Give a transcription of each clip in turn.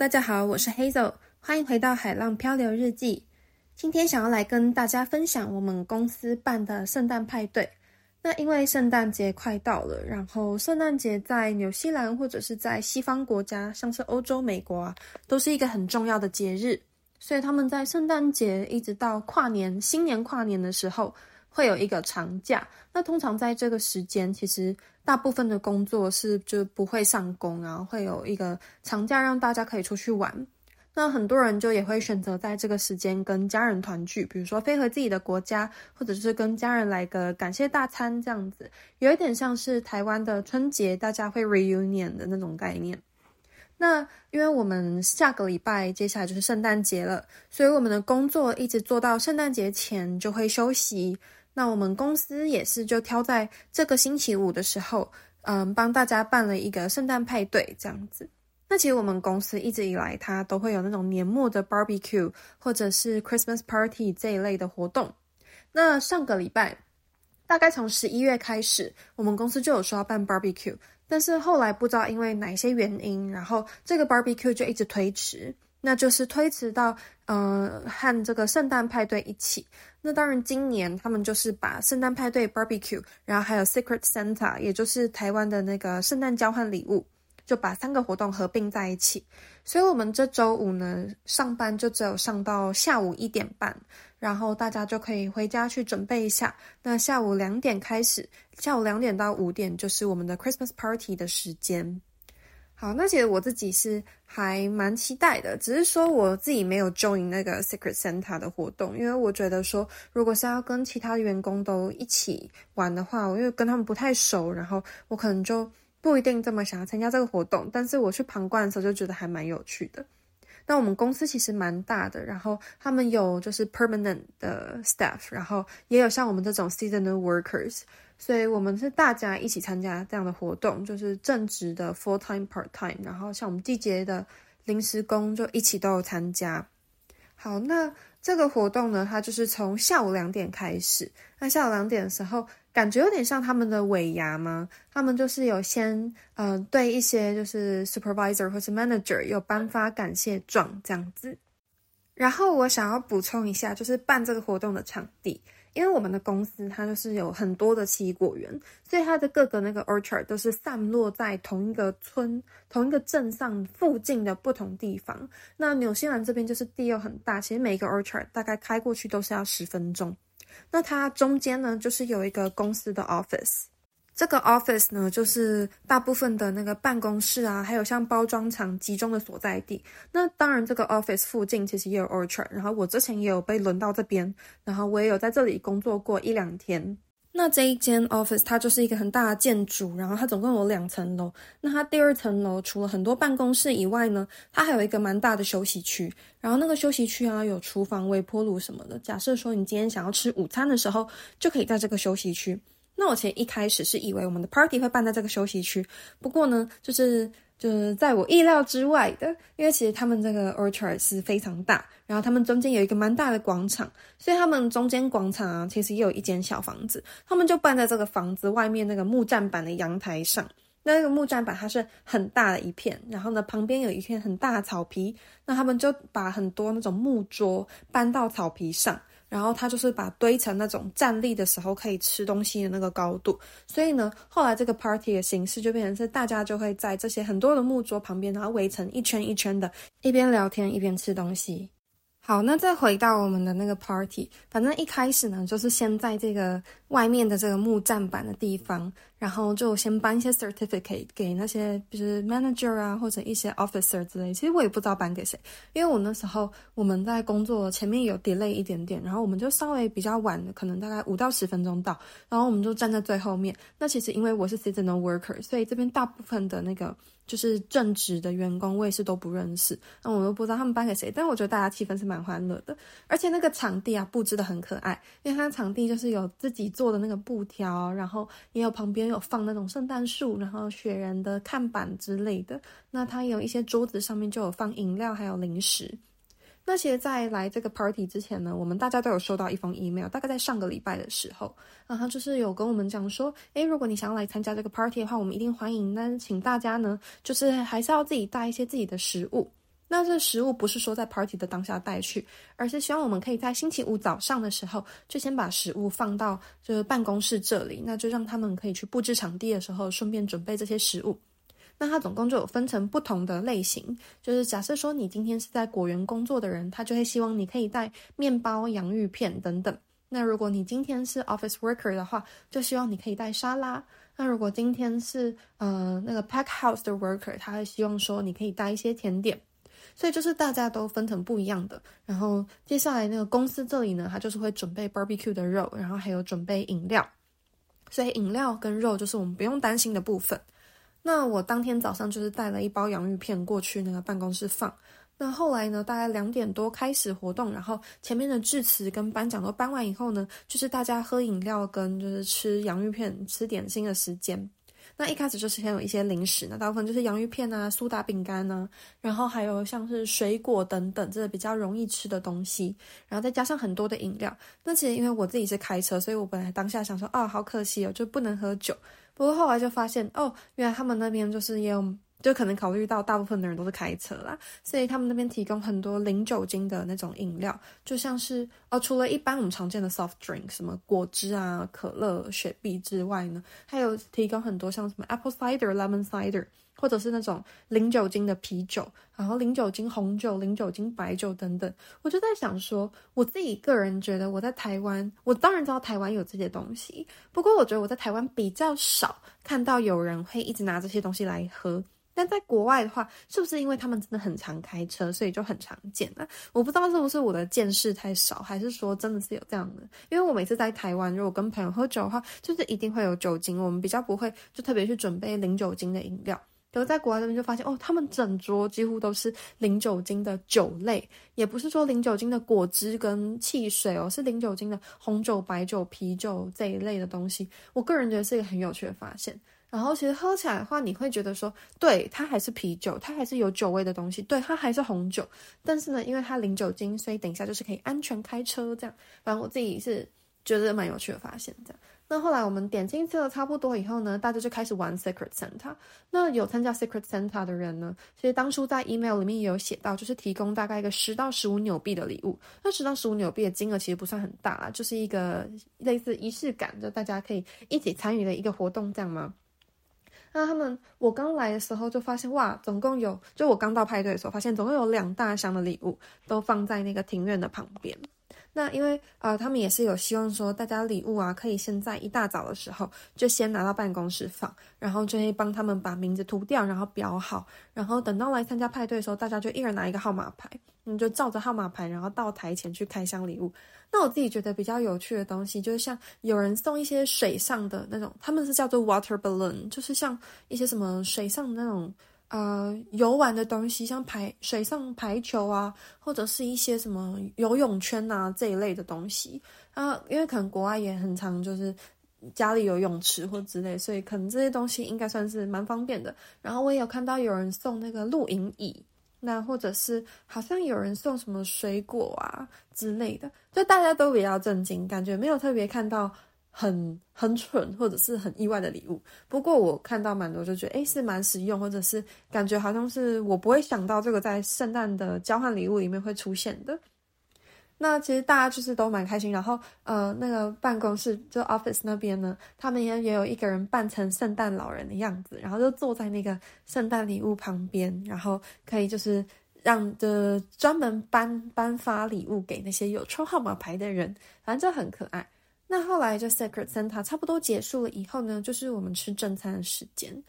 大家好，我是 Hazel，歡迎回到《海浪漂流日記》。今天想要來跟大家分享我們公司辦的聖誕派對。那因為聖誕節快到了，然後聖誕節在紐西蘭或者是在西方國家，像是歐洲、美國啊，都是一個很重要的節日，所以他們在聖誕節一直到跨年、新年跨年的時候。會有一個長假，那通常在這個時間，其實大部分的工作是就不會上工，然後會有一個長假讓大家可以出去玩。那很多人就也會選擇在這個時間跟家人團聚，比如說飛回自己的國家，或者就是跟家人來個感謝大餐這樣子，有一點像是台灣的春節，大家會 reunion 的那種概念。那因為我們下個禮拜，接下來就是聖誕節了，所以我們的工作一直做到聖誕節前就會休息。那我們公司也是，就挑在這個星期五的時候，嗯，幫大家辦了一個聖誕派對這樣子。那其實我們公司一直以來，它都會有那種年末的 barbecue 或者是 Christmas party 這一類的活動。那上個禮拜，大概從十一月開始，我們公司就有說要辦 barbecue，但是後來不知道因為哪些原因，然後這個 barbecue 就一直推遲。那就是推遲到，呃，和這個聖誕派對一起。那當然，今年他們就是把聖誕派對、barbecue，然後還有 secret Santa，也就是台灣的那個聖誕交換禮物，就把三個活動合併在一起。所以，我們這周五呢，上班就只有上到下午一點半，然後大家就可以回家去準備一下。那下午兩點開始，下午兩點到五點就是我們的 Christmas party 的時間。好，那其實我自己是還蠻期待的，只是說我自己沒有 join 那個 Secret Santa 的活動，因為我覺得說，如果是要跟其他員工都一起玩的話，我又跟他們不太熟，然後我可能就不一定這麼想要參加這個活動。但是我去旁觀的時候，就覺得還蠻有趣的。那我們公司其實蠻大的，然後他們有就是 permanent 的 staff，然後也有像我們這種 seasonal workers。所以，我們是大家一起參加這樣的活動，就是正職的 full time part time，然後像我們季節的臨時工就一起都有參加。好，那這個活動呢，它就是從下午兩點開始。那下午兩點的時候，感覺有點像他們的尾牙嗎？他們就是有先，嗯、呃，對一些就是 supervisor 或是 manager 有頒發感謝狀這樣子。然後我想要補充一下，就是辦這個活動的場地，因為我們的公司它就是有很多的奇異果園，所以它的各個那個 orchard 都是散落在同一個村、同一個鎮上附近的不同地方。那紐西蘭這邊就是地又很大，其實每一個 orchard 大概開過去都是要十分鐘。那它中間呢，就是有一個公司的 office。這個 office 呢，就是大部分的那個辦公室啊，還有像包裝廠集中的所在地。那當然，這個 office 附近其實也有 orchard。然後我之前也有被輪到這邊，然後我也有在這裡工作過一兩天。那這一間 office 它就是一個很大的建築，然後它總共有兩層樓。那它第二層樓除了很多辦公室以外呢，它還有一個蠻大的休息區。然後那個休息區啊，有廚房、微波爐什麼的。假設說你今天想要吃午餐的時候，就可以在這個休息區。那我其實一開始是以為我們的 party 會辦在這個休息區，不過呢，就是就是在我意料之外的，因為其實他們這個 orchard 是非常大，然後他們中間有一個蠻大的廣場，所以他們中間廣場啊，其實也有一間小房子，他們就辦在這個房子外面那個木棧板的陽台上。那那個木棧板它是很大的一片，然後呢，旁邊有一片很大的草皮，那他們就把很多那種木桌搬到草皮上。然後他就是把堆成那種站立的時候可以吃東西的那個高度，所以呢，後來這個 party 的形式就變成是大家就會在這些很多的木桌旁邊，然後圍成一圈一圈的，一邊聊天一邊吃東西。好，那再回到我們的那個 party，反正一開始呢，就是先在這個外面的這個木棧板的地方，然後就先頒一些 certificate 給那些就是 manager 啊，或者一些 officer 之類。其實我也不知道頒給誰，因為我那時候我們在工作前面有 delay 一點點，然後我們就稍微比較晚，可能大概五到十分鐘到，然後我們就站在最後面。那其實因為我是 seasonal worker，所以這邊大部分的那個就是正職的員工，我也是都不認識，那我都不知道他們頒給誰。但是我覺得大家氣氛是。蠻歡樂的，而且那個場地啊，佈置的很可愛，因為它場地就是有自己做的那個布條，然後也有旁邊有放那種聖誕樹，然後雪人的看板之類的。那它有一些桌子上面就有放飲料，還有零食。那其實在來這個 party 之前呢，我們大家都有收到一封 email，大概在上個禮拜的時候，然後就是有跟我們講說，誒，如果你想要來參加這個 party 的話，我們一定歡迎。但是請大家呢，就是還是要自己帶一些自己的食物。那這食物不是說在 party 的當下帶去，而是希望我們可以在星期五早上的時候，就先把食物放到就是辦公室這裡，那就讓他們可以去佈置場地的時候，順便準備這些食物。那它總共就有分成不同的類型，就是假設說你今天是在果園工作的人，他就會希望你可以帶麵包、洋芋片等等。那如果你今天是 office worker 的話，就希望你可以帶沙拉。那如果今天是呃那個 pack house 的 worker，他會希望說你可以帶一些甜點。所以就是大家都分成不一樣的，然後接下來那個公司這裡呢，它就是會準備 barbecue 的肉，然後還有準備飲料，所以飲料跟肉就是我們不用擔心的部分。那我當天早上就是帶了一包洋芋片過去那個辦公室放。那後來呢，大概兩點多開始活動，然後前面的致辭跟頒獎都頒完以後呢，就是大家喝飲料跟就是吃洋芋片吃點心的時間。那一開始就是先有一些零食呢，那大部分就是洋芋片啊、蘇打餅乾啊，然後還有像是水果等等這比較容易吃的東西，然後再加上很多的飲料。那其實因為我自己是開車，所以我本來當下想說啊、哦，好可惜哦，就不能喝酒。不過後來就發現哦，原來他們那邊就是也有。就可能考慮到大部分的人都是開車啦，所以他們那邊提供很多零酒精的那種飲料，就像是哦，除了一般我們常見的 soft drink，什麼果汁啊、可樂、雪碧之外呢，還有提供很多像什麼 apple cider、lemon cider。或者是那種零酒精的啤酒，然後零酒精紅酒、零酒精白酒等等，我就在想說，我自己個人覺得我在台灣，我當然知道台灣有這些東西，不過我覺得我在台灣比較少看到有人會一直拿這些東西來喝。但在國外的話，是不是因為他們真的很常開車，所以就很常見呢、啊？我不知道是不是我的見識太少，還是說真的是有這樣的？因為我每次在台灣，如果跟朋友喝酒的話，就是一定會有酒精，我們比較不會就特別去準備零酒精的飲料。然後在國外那邊就發現哦，他們整桌幾乎都是零酒精的酒類，也不是說零酒精的果汁跟汽水哦，是零酒精的紅酒、白酒、啤酒這一類的東西。我個人覺得是一個很有趣的發現。然後其實喝起來的話，你會覺得說，對，它還是啤酒，它還是有酒味的東西，對，它還是紅酒，但是呢，因為它零酒精，所以等一下就是可以安全開車這樣。反正我自己是覺得蠻有趣的發現這樣。那後來我們點進去了差不多以後呢，大家就開始玩 Secret Santa。那有參加 Secret Santa 的人呢，其實當初在 Email 裡面也有寫到，就是提供大概一個十到十五紐幣的禮物。那十到十五紐幣的金額其實不算很大啦，就是一個類似儀式感，就大家可以一起參與的一個活動，這樣嗎？那他們，我剛來的時候就發現，哇，總共有，就我剛到派對的時候發現，總共有兩大箱的禮物都放在那個庭院的旁邊。那因為啊，呃，他們也是有希望說，大家禮物啊，可以先在一大早的時候就先拿到辦公室放，然後就可以幫他們把名字塗掉，然後標好，然後等到來參加派對的時候，大家就一人拿一個號碼牌，嗯，就照着號碼牌，然後到台前去開箱禮物。那我自己覺得比較有趣的東西，就是像有人送一些水上的那種，他們是叫做 water balloon，就是像一些什麼水上的那種。呃，遊玩的東西像排水上排球啊，或者是一些什麼游泳圈啊這一類的東西啊，因為可能國外也很常就是家裡有泳池或之類，所以可能這些東西應該算是蠻方便的。然後我也有看到有人送那個露營椅，那或者是好像有人送什麼水果啊之類的，就大家都比較震驚，感覺沒有特別看到。很很蠢或者是很意外的禮物，不過我看到蠻多就覺得，誒、欸，是蠻實用，或者是感覺好像是我不會想到這個在聖誕的交換禮物裡面會出現的。那其實大家就是都蠻開心，然後呃，那個辦公室就 office 那邊呢，他們也也有一個人扮成聖誕老人的樣子，然後就坐在那個聖誕禮物旁邊，然後可以就是讓的專門頒頒發禮物給那些有抽號碼牌的人，反正就很可愛。那後來就 Secret Santa 差不多結束了以後呢，就是我們吃正餐的時間。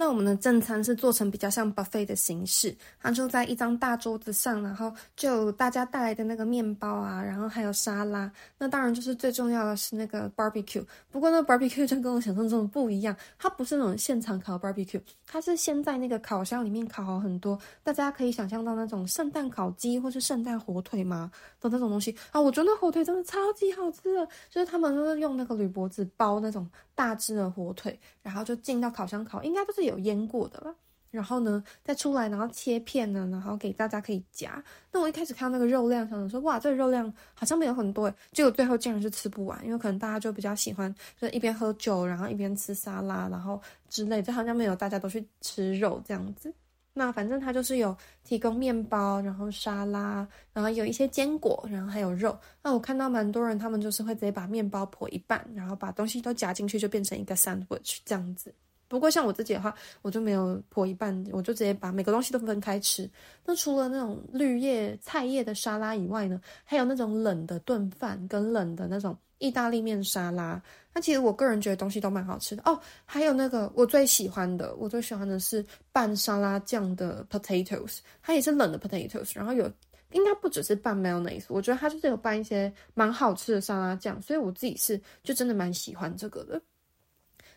那我們的正餐是做成比較像 buffet 的形式，它就在一張大桌子上，然後就大家帶來的那個麵包啊，然後還有沙拉。那當然就是最重要的是那個 barbecue。不過那 barbecue 就跟我想象中的不一樣，它不是那種現場烤 barbecue，它是先在那個烤箱裡面烤好很多。大家可以想象到那種聖誕烤雞或是聖誕火腿嗎？的那種東西啊，我覺得火腿真的超級好吃的，就是他們都是用那個鋁箔紙包那種大只的火腿，然後就進到烤箱烤，應該都是。有醃過的了，然後呢，再出來，然後切片呢，然後給大家可以夾。那我一開始看到那個肉量，想說，哇，這肉量好像沒有很多欸，結果最後竟然是吃不完，因為可能大家就比較喜歡，就是一邊喝酒，然後一邊吃沙拉，然後之類。就好像沒有大家都去吃肉這樣子。那反正他就是有提供麵包，然後沙拉，然後有一些堅果，然後還有肉。那我看到蠻多人，他們就是會直接把麵包破一半，然後把東西都夾進去，就變成一個 sandwich 這樣子。不過像我自己的話，我就沒有剖一半，我就直接把每個東西都分開吃。那除了那種綠葉菜葉的沙拉以外呢，還有那種冷的燉飯跟冷的那種意大利麵沙拉。那其實我個人覺得東西都蠻好吃的哦。還有那個我最喜歡的，我最喜歡的是拌沙拉醬的 potatoes，它也是冷的 potatoes，然後有應該不只是拌 mayonnaise，我覺得它就是有拌一些蠻好吃的沙拉醬，所以我自己是就真的蠻喜歡這個的。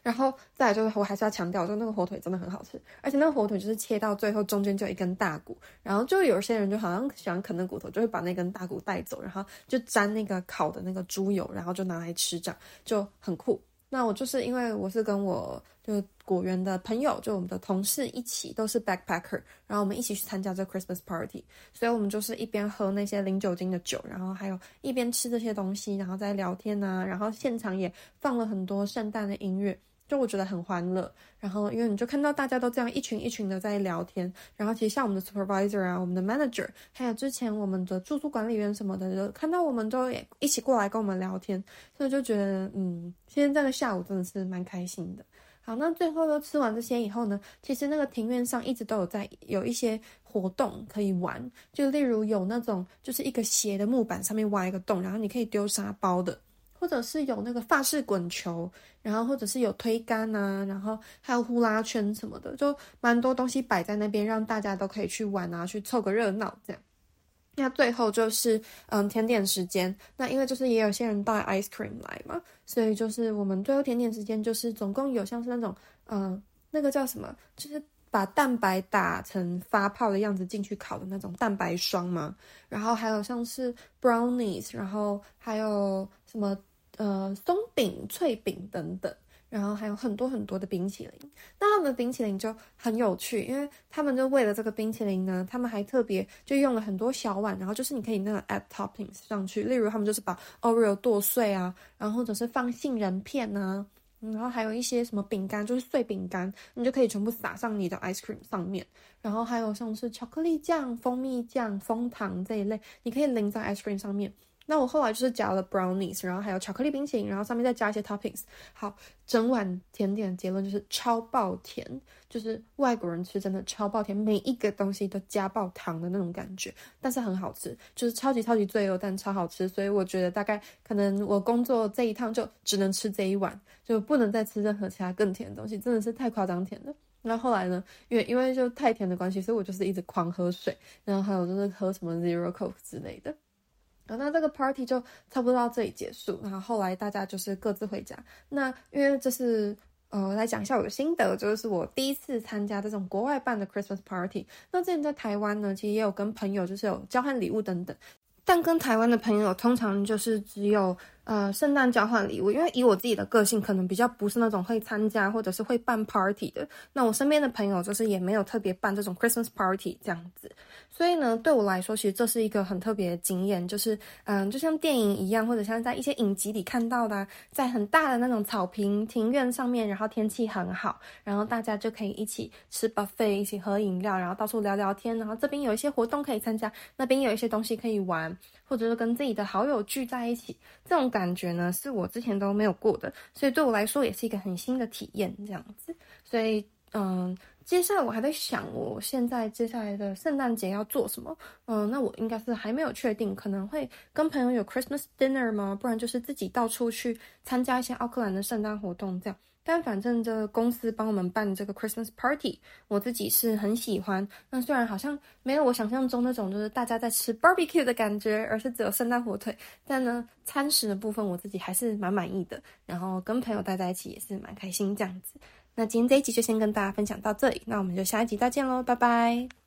然後再來就是，我還是要強調，就那個火腿真的很好吃，而且那個火腿就是切到最後中間就一根大骨，然後就有些人就好像喜歡啃那骨頭，就會把那根大骨帶走，然後就沾那個烤的那個豬油，然後就拿來吃，這樣就很酷。那我就是因為我是跟我就是果園的朋友，就我們的同事一起，都是 backpacker，然後我們一起去參加這 Christmas party，所以我們就是一邊喝那些零酒精的酒，然後還有一邊吃這些東西，然後再聊天吶、啊，然後現場也放了很多聖誕的音樂。就我覺得很歡樂，然後因為你就看到大家都這樣一群一群的在聊天，然後其實像我們的 supervisor 啊，我們的 manager，還有之前我們的住宿管理員什麼的，就看到我們都一起過來跟我們聊天，所以就覺得嗯，現在這個下午真的是蠻開心的。好，那最後都吃完這些以後呢，其實那個庭院上一直都有在有一些活動可以玩，就例如有那種就是一個斜的木板上面挖一個洞，然後你可以丟沙包的。或者是有那個法式滾球，然後或者是有推桿啊，然後還有呼啦圈什麼的，就蠻多東西擺在那邊，讓大家都可以去玩啊，去湊個熱鬧這樣。那最後就是嗯，甜點時間。那因為就是也有些人帶 ice cream 來嘛，所以就是我們最後甜點時間就是總共有像是那種嗯，那個叫什麼，就是把蛋白打成發泡的樣子進去烤的那種蛋白霜嘛，然後還有像是 brownies，然後還有什麼？呃，鬆餅、脆餅等等，然後還有很多很多的冰淇淋。那他們的冰淇淋就很有趣，因為他們就為了這個冰淇淋呢，他們還特別就用了很多小碗，然後就是你可以那個 add toppings 上去，例如他們就是把 Oreo 剁碎啊，然後或者是放杏仁片啊，然後還有一些什麼餅乾，就是碎餅乾，你就可以全部撒上你的 ice cream 上面。然後還有像是巧克力醬、蜂蜜醬、楓糖這一類，你可以淋在 ice cream 上面。那我後來就是加了 brownies，然後還有巧克力冰淇淋，然後上面再加一些 toppings。好，整碗甜點的結論就是超爆甜，就是外國人吃真的超爆甜，每一個東西都加爆糖的那種感覺，但是很好吃，就是超級超級罪惡、哦，但超好吃。所以我覺得大概可能我工作這一趟就只能吃這一碗，就不能再吃任何其他更甜的東西，真的是太誇張甜了。那後，後來呢，因為因為就太甜的關係，所以我就是一直狂喝水，然後還有就是喝什麼 zero coke 之類的。那這個 party 就差不多到這裡結束，然後後來大家就是各自回家。那因為這是呃，來講一下我的心得，就是我第一次參加這種國外辦的 Christmas party。那之前在台灣呢，其實也有跟朋友就是有交換禮物等等，但跟台灣的朋友通常就是只有。呃，聖誕交換禮物，因為以我自己的個性，可能比較不是那種會參加或者是會辦 party 的。那我身邊的朋友就是也沒有特別辦這種 Christmas party 這樣子，所以呢，對我來說，其實這是一個很特別的經驗，就是嗯，就像電影一樣，或者像在一些影集裡看到的、啊，在很大的那種草坪庭院上面，然後天氣很好，然後大家就可以一起吃 buffet，一起喝飲料，然後到處聊聊天，然後這邊有一些活動可以參加，那邊有一些東西可以玩，或者是跟自己的好友聚在一起，這種感。感覺呢是我之前都沒有過的，所以對我來說也是一個很新的體驗，這樣子。所以，嗯，接下來我還在想，我現在接下來的聖誕節要做什麼？嗯，那我應該是還沒有確定，可能會跟朋友有 Christmas Dinner 嗎？不然就是自己到處去參加一些奧克蘭的聖誕活動，這樣。但反正這個公司幫我們辦這個 Christmas party，我自己是很喜歡。那雖然好像沒有我想象中那種就是大家在吃 barbecue 的感覺，而是只有聖誕火腿，但呢，餐食的部分我自己還是蠻滿意的。然後跟朋友待在一起也是蠻開心這樣子。那今天這一集就先跟大家分享到這裡，那我們就下一集再見嘍，拜拜。